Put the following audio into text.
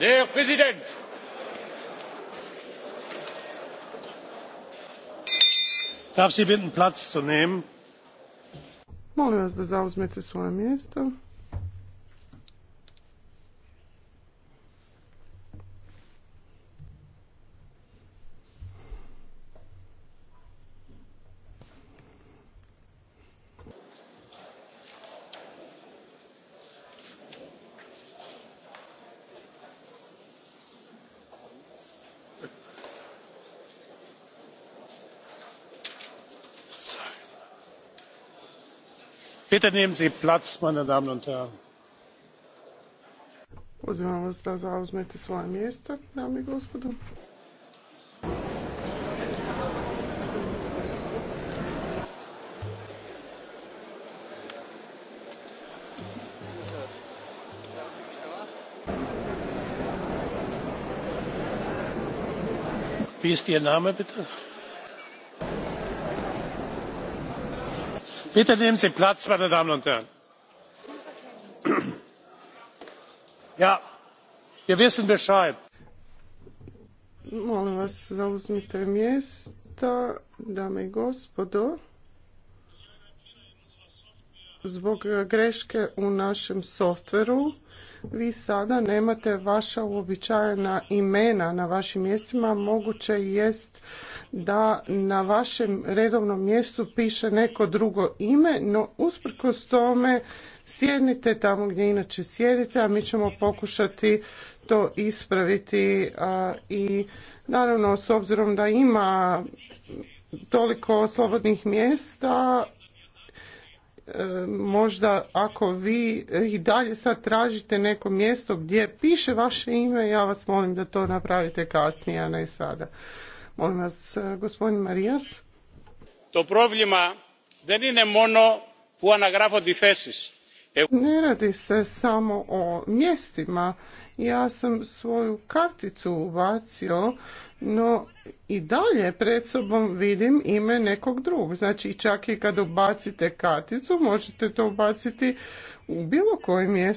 herr präsident! ich darf sie bitten platz zu nehmen. molim vas da zauzmete svoje mjesto. bitte nehmen sie platz meine damen und herren! pozivam vas da zauzmete svoja mjesta dame i gospodo. wie ist ihr name bitte? bitte nehmen sie platz meine damen und herren! ja wir wissen bescheid. molim vas zauzmite mjesta dame i gospodo. zbog greške u našem softveru vi sada nemate vaša uobičajena imena na vašim mjestima, moguće jest da na vašem redovnom mjestu piše neko drugo ime, no usprkos tome sjednite tamo gdje inače sjedite, a mi ćemo pokušati to ispraviti i naravno s obzirom da ima toliko slobodnih mjesta možda ako vi i dalje sad tražite neko mjesto gdje piše vaše ime, ja vas molim da to napravite kasnije, a ne sada. Molim vas, e, gospodin Marijas. To problema ni ne mono fu anagrafo ne radi se samo o mjestima. Ja sam svoju karticu ubacio, no i dalje pred sobom vidim ime nekog drugog. Znači čak i kad ubacite karticu možete to ubaciti u bilo koje mjesto.